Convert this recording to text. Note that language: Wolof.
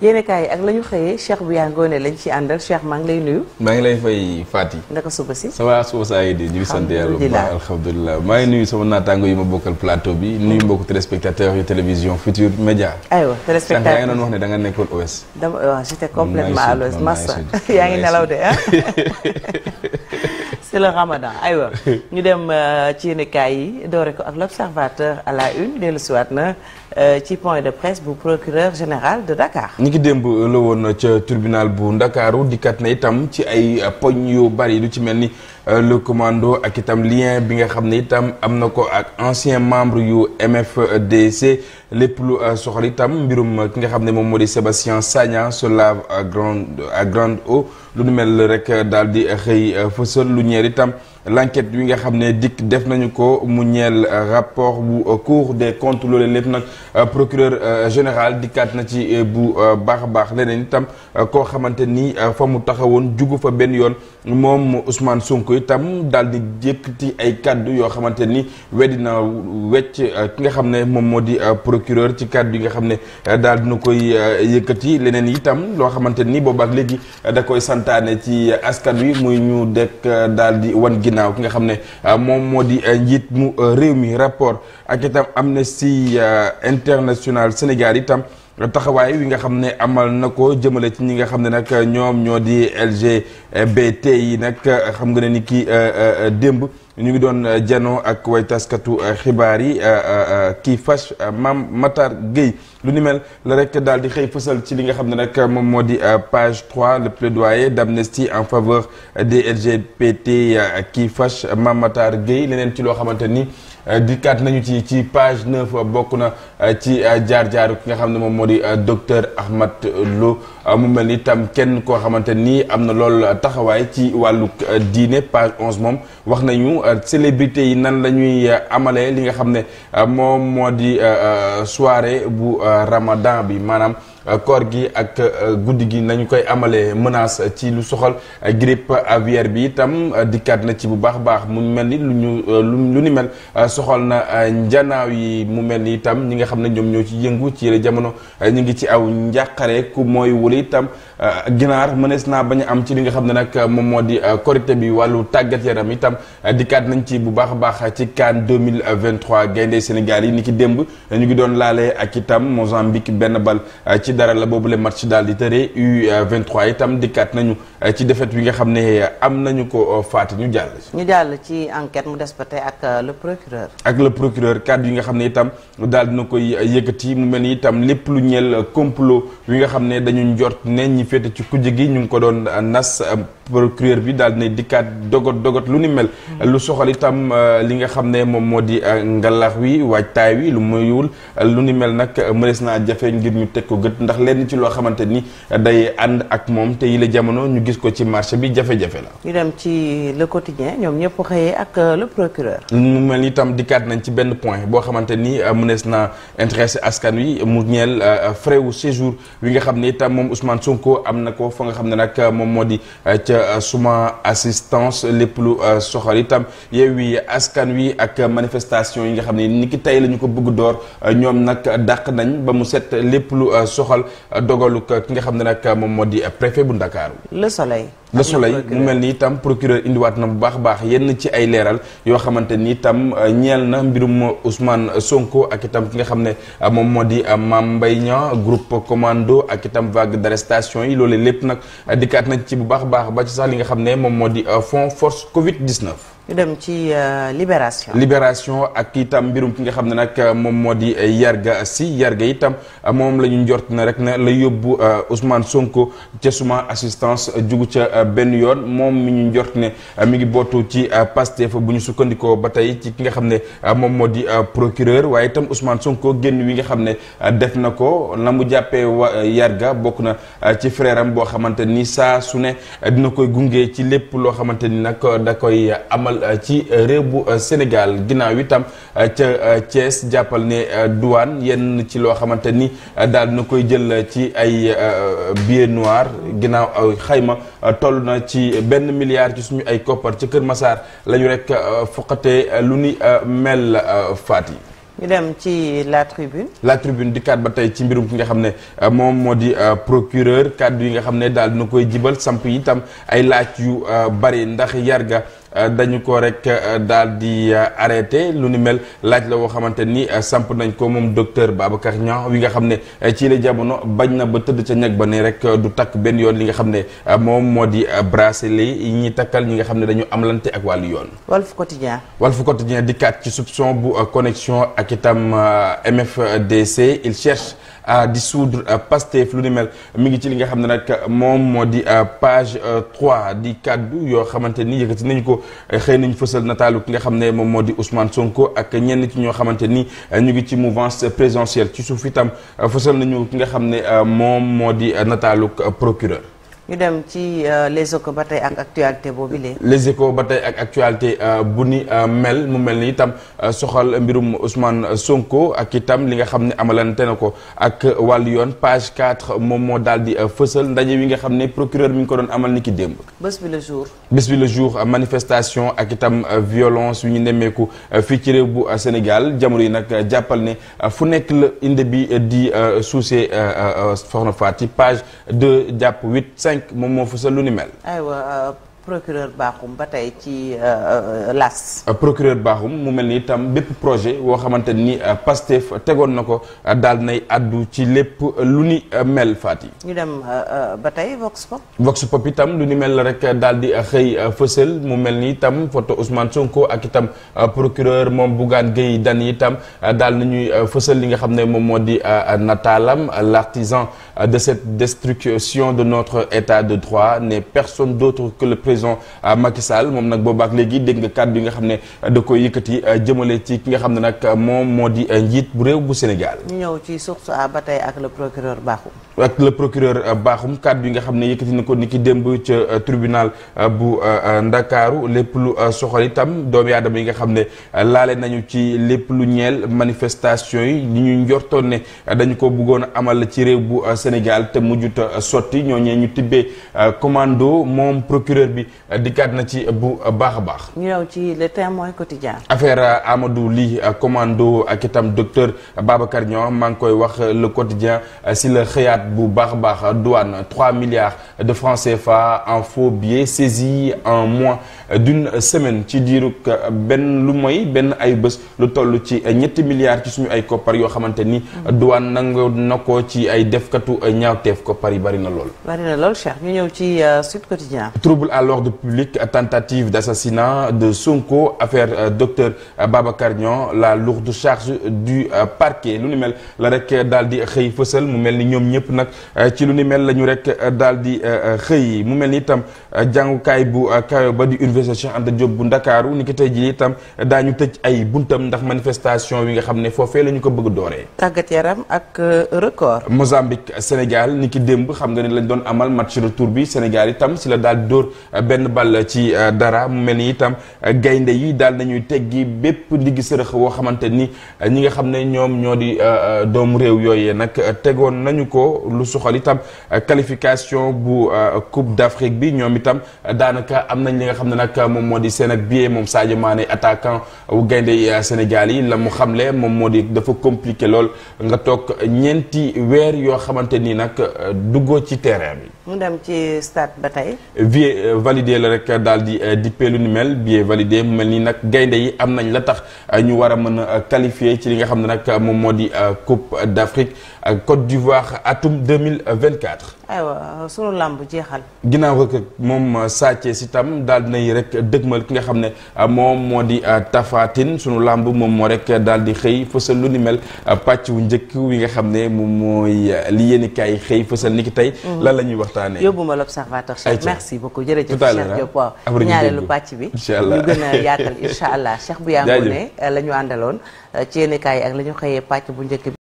yéenekaay yi ak la ñu xëyee Cheikh Bouya Ngoné lañ ci àndal Cheikh maa ngi lay nuyu. maa ngi lay fay Fatick. naka suba si. ça va suba saa yi di ñu ngi sant yàlla bu baax alhamdulilah maa ngi nuyu sama naataango yi ma bokkal plateau bi nuyu mbokku téléspectateurs yu télévision Futur Média. aywa téléspectateur sànq yaa ngi doon wax da nga nekkoon ouest. dama waaw j'étais complètement yaa ngi nelaw de ah. c'est le ramadan aywa ñu dem euh, ci yéenekaay yi doore ko ak l'observateur à la une dellu siwaat na. Euh, ci point de presse bu procureur général de Dakar. ni ki démb la woon ca tribunal bu Ndakaaru dikkat na itam ci ay poñ yu bari du ci mel ni. Euh, le commando ak itam lien bi nga xam ne itam am na ko ak ancien membre yu MFDC lépp lu euh, soxal itam mbirum ki nga xam ne moom moo di Sébastien Sagna se lave à grande à grande eau lu nu mel rek daal di xëy euh, fësal lu ñeer itam l'enquête wi nga xam ne dikk def nañu ko mu ñeel rapport bu cour des comptes loolee lépp nag procureur général dikkaat na ci bu baax a baax leneen itam koo xamante nii fa mu taxawoon jugu fa benn yoon moom Ousmane Sonko itam daal di yëkkati ay kàddu yoo xamante ni weddina wecc euh, ki nga xam ne moom moo di euh, procureur ci kàddu yi nga xam ne euh, daal dina koy yëkkati leneen itam loo xamante ni boobaak léegi da koy santaane ci askan wi muy ñu dekk daal di wan ginnaaw ki nga xam ne moom moo di njiit mu réew mi rapport ak itam Amnesty International Sénégal itam taxawaay wi nga xam ne amal na ko jëmale ci ñi nga xam ne nag ñoom ñoo di LGBT yi nag xam nga ne ni kii euh, euh, euh, démb ñu ngi doon janoo ak way taskatu xibaar yi kii fas Mame Matar Gueye lu ni mel la rek daal di xëy fësal ci li nga xam ne nag moom moo di page 3 le plaidoyer d'amnistie en faveur des LGBT kii fas Mame Matar Gueye leneen ci loo xamante nii Euh, dikkaat nañu ci ci page neuf euh, bokk na euh, ci jaar-jaar ki nga xam ne moom moo di docteur Ahmad Lo mu mel ni tam kenn koo xamante nii am na lool taxawaay ci wàllu diine page onze moom wax nañu célébrité yi nan lañuy amalee li nga xam ne moom moo di soirée bu Ramadan bi maanaam koor gi ak euh, guddi gi nañu koy amalee menace ci lu soxal euh, grippe aviaire bi itam euh, dikkaat na ci bu baax baax mu mel ni lu ñu lu ni mel soxal na njanaaw yi mu mel ni itam ñi nga xam ne ñoom ñoo ci yëngu ci yële jamono ñu ngi ci aw njàqare ku mooy wul itam ginaar mënees naa ba ñu am ci li nga xam ne nag moom moo di korité bi wàllu tàggat yaram itam dikkaat nañ ci bu baax a baax ci CAN 2023 gaynde Sénégal yi ni ki démb ñu ngi doon laale ak itam Mozambique benn bal dara la boobu la match daal di tëree U23 euh, itam dikkaat nañu ci défaite bi nga xam ne am nañu ko euh, faat ñu jàll. ñu jàll ci enquête mu des ba tey ak euh, le procureur. ak le procureur kàddu yi nga xam ne itam daal dina koy euh, yëkkati mu mel nii itam lépp lu ñeel complot wi nga xam ne dañu njort ne ñi féete ci kujje gi ñu ngi ko doon nas procureur bi daal dina dikkaat dogot dogot lu ni mel. Hmm. lu soxal itam li nga xam ne moom moo di ngalax wi waajtaay wi lu muy muyul lu ni mel nag mënees naa jafe ngir ñu teg ko gët ndax lenn ci loo xamante ni day ànd ak moom te gis ko ci marché bi jafe-jafe la. ñu dem ci le quotidien ñoom ñëpp xëyee ak euh, le procureur. mu mel ni itam dikkaat nañ ci benn point boo xamante ni euh, mënees na intéressé askan wi mu ñeel euh, frais wu séjour wi nga xam ni itam moom Ousmane Sonko am na ko fa nga xam ne nag moom moo di ca suma assistance lépp lu soxal itam Yewwi Askan Wi ak manifestation yi nga xam ni ki tey la ko bëgg door ñoom nag dàq nañ ba mu set lépp lu soxal dogalu ki nga xam ne nag moom moo di préfet bu Ndakaaru soleil le soleil mu mel ni itam procureur indiwaat na bu baax a baax yenn ci ay leeral yoo xamante ni itam euh, ñeel na mbirum Ousmane Sonko ak itam ki nga xam ne euh, moom moo di euh, Mame Mbaye Niang groupe commando ak itam vague d'arrestation yi loole lépp nag dikkaat nañ ci bu baax baax ba ci sax li nga xam ne moom moo di fonds force Covid 19. ñu dem ci euh, libération. libération ak itam mbirum ki nga xam ne nag euh, moom moo di euh, yarga si yarga itam moom lañu ñu njort na rek na la yóbbu Ousmane Sonko ca suma assistance jugu ca benn yoon moom mi ñu njort ne mi ngi bootu ci Pastef bu ñu sukkandikoo ba tey ci ki nga xam ne moom moo di procureur waaye itam Ousmane Sonko génn wi nga xam ne def na ko la mu jàppee wa yarga bokk na ci freeram boo xamante ni saa su ne dina koy gunge ci lépp loo xamante ni nag da koy amal. Euh, ci euh, réew bu euh, Sénégal ginnaaw itam ca Thiès jàppal ne duwaan yenn ci loo xamante ni daal di na koy jël ci ay billets noirs ginnaaw ay xayma toll na ci benn milliard ci suñu ay koppar ci Kër Massar la ñu rek foqatee lu ni mel faat yi ñu dem ci la tribune. la tribune di kaat ba tey ci mbirum ki nga xam ne moom moo di procureur kàddu yi nga xam ne daal dina koy jibal samp yi itam ay laaj yu bari ndax yarga Euh, dañu ko rek euh, daal di euh, arrêté lu ni mel laaj la woo xamante ni samp nañ ko moom docteur Babacar Niang wi nga xam ne ci la jamono bañ na ba tëdd ca ñag ba ne rek du takk benn yoon li nga xam ne moom moo di bracelet yi ñuy takkal ñi nga xam ne dañu amlante ak wàll yoon. Walf Quotidien. Walf Quotidien dikkaat ci soupçon bu connexion ak itam MFDC il cherche. dissoudre euh, Pastef lu ni mel mi ngi ci li nga xam ne nag moom moo di euh, page 3 euh, di kaddu yoo xamante ni yëkkati nañu ko xëy nañu fësal nataalu ki nga xam ne moom moo di Ousmane Sonko ak ñenn ci ñoo xamante ni ñu ngi ci mouvance présidentielle ci suuf itam fësal nañu ki nga xam ne moom moo di nataalu procureur. ñu dem ci euh, les échos ba tey ak actualité boobu lee ba tey ak actualité euh, bu ni euh, mel mu mel ni itam soxal mbirum Ousmane Sonko ak itam li nga xam ne amalante na ko ak wàll yoon page 4 moom moo daal di fësal ndaje wi nga xam ne procureur mi ngi ko doon amal ni ki démb. bés bi le jour. bés bi le manifestation ak itam violence yu ñu nemmeeku fii ci réew bu Sénégal jamono yi nag jàppal ne fu nekk la inde bi di suusee soxna Faty page jàpp 8 cinq moom moo fësal lu ni mel. aywa euh, procureur Bakhoum ba tey ci euh, euh, las euh, procureur Bakhoum mu mel ni itam bépp projet woo xamante ni Pastef tegoon na ko dal nay addu ci lépp lu ni mel faat yi ñu dem ba tey Vox Pop Vox Pop itam lu ni mel rek daal di xëy fësal mu mel ni itam photo Ousmane Sonko ak itam procureur moom Bougane Gueye Dany itam daal nañuy fësal li nga xam ne moom moo di nataalam l'artisan de cette destruction de notre état de droit n'est personne d'autre que le président président euh, Macky Sall moom nag boobaak léegi dégg nga kàddu yi nga xam ne euh, da koy yëkkati euh, jëmale ci ki nga xam ne nag moom moo di njiit bu réew bu Sénégal. ñëw ci source ba ak le procureur Bakhoum. ak le procureur Bakhoum kàddu nga xam ne yëkkati na ko ni ki démb ca tribunal bu Ndakaaru lépp lu soxal itam doomu aadama yi nga xam ne laale nañu ci lépp lu ñeel manifestation yi ni ñu njortoon ne dañu ko bëggoon a amal ci réew bu Sénégal te mujjut sotti ñooñee ñu tibbee commando moom procureur bi dikkaat na ci bu baax a baax. ñu ñëw ci le témoin quotidien. affaire Amadou Ly commando ak itam docteur Babacar Niang maa ngi koy wax le quotidien si la xëyaat bu baax a baax douane 3 milliards de francs CFA en faux billets saisis en mois d'une semaine ci diiru benn lu mooy benn ay bés lu toll ci ñetti milliards ci suñu ay koppar yoo xamante ni. douane nangu na ko ci ay defkatu ñaawteef koppar yi bari na lool. l'ordre public, tentative d'assassinat de Sonko, affaire euh, docteur euh, Babacar Niang la lourde charge du euh, parquet lu ni mel la rekk daal di xëy fësal mu mel ni ñoom ñëpp nag ci lu ni mel la ñu rek daal di xëy mu mel ni itam jàngukaay bu kayo ba di université Cheikh Anta Diop bu Ndakaaru ni ki tey jii itam daañu tëj ay buntam ndax manifestation yi nga xam ne foofee la ñu ko bëgg dooree. tàggat yaram ak record. Mozambique Sénégal ni ki démb xam nga ne lañ doon amal match retour bi Sénégal itam si la daal benn bal ci euh, dara mu mel ni itam euh, gaynde yi daal nañuy teggi bépp ndiggi sërëx woo xamante ni euh, ñi nga xam ne ñoom ñoo di doomu réew yooyee nag tegoon nañu ko lu soxal itam qualification bu coupe d'Afrique bi ñoom itam daanaka am nañ li nga xam ne nag moom moo di seen ak biais moom Sadio Mané attaquant wu gaynde yi Sénégal yi la mu xamle moom moo di dafa compliqué lool nga toog ñeenti weer yoo xamante ni nag duggoo ci terrain bi. mu dem ci stade ba tey. validé la rek daal di euh, di peelu ni mel billet validé mel nii nag gaynde yi am nañ la tax euh, ñu war a mën a euh, qualifié ci li nga xam ne nag moom moo di Coupe d'Afrique Côte d'Ivoire atum 2024 aywa sunu làmb jeexal. ginnaaw rek moom Sa itam daal di nay rek dëgmal ki nga xam ne moom moo di Tapha Tine sunu làmb moom moo rek daal di xëy fësal lu ni mel pàcc wu njëkk wi nga xam ne moom mooy li yéen i kaay xëy fësal ni ki tey. Mhm. lan la ñuy waxtaanee. yóbbu ma l'observateur merci beaucoup jërëjëf. tout à ñaareelu pàcc bi ñu a allah Cheikh bu yaa ngoone la ñu àndaloon eh, ci yenn kaay ak la ñu xëyee pàcc bu njëkk bi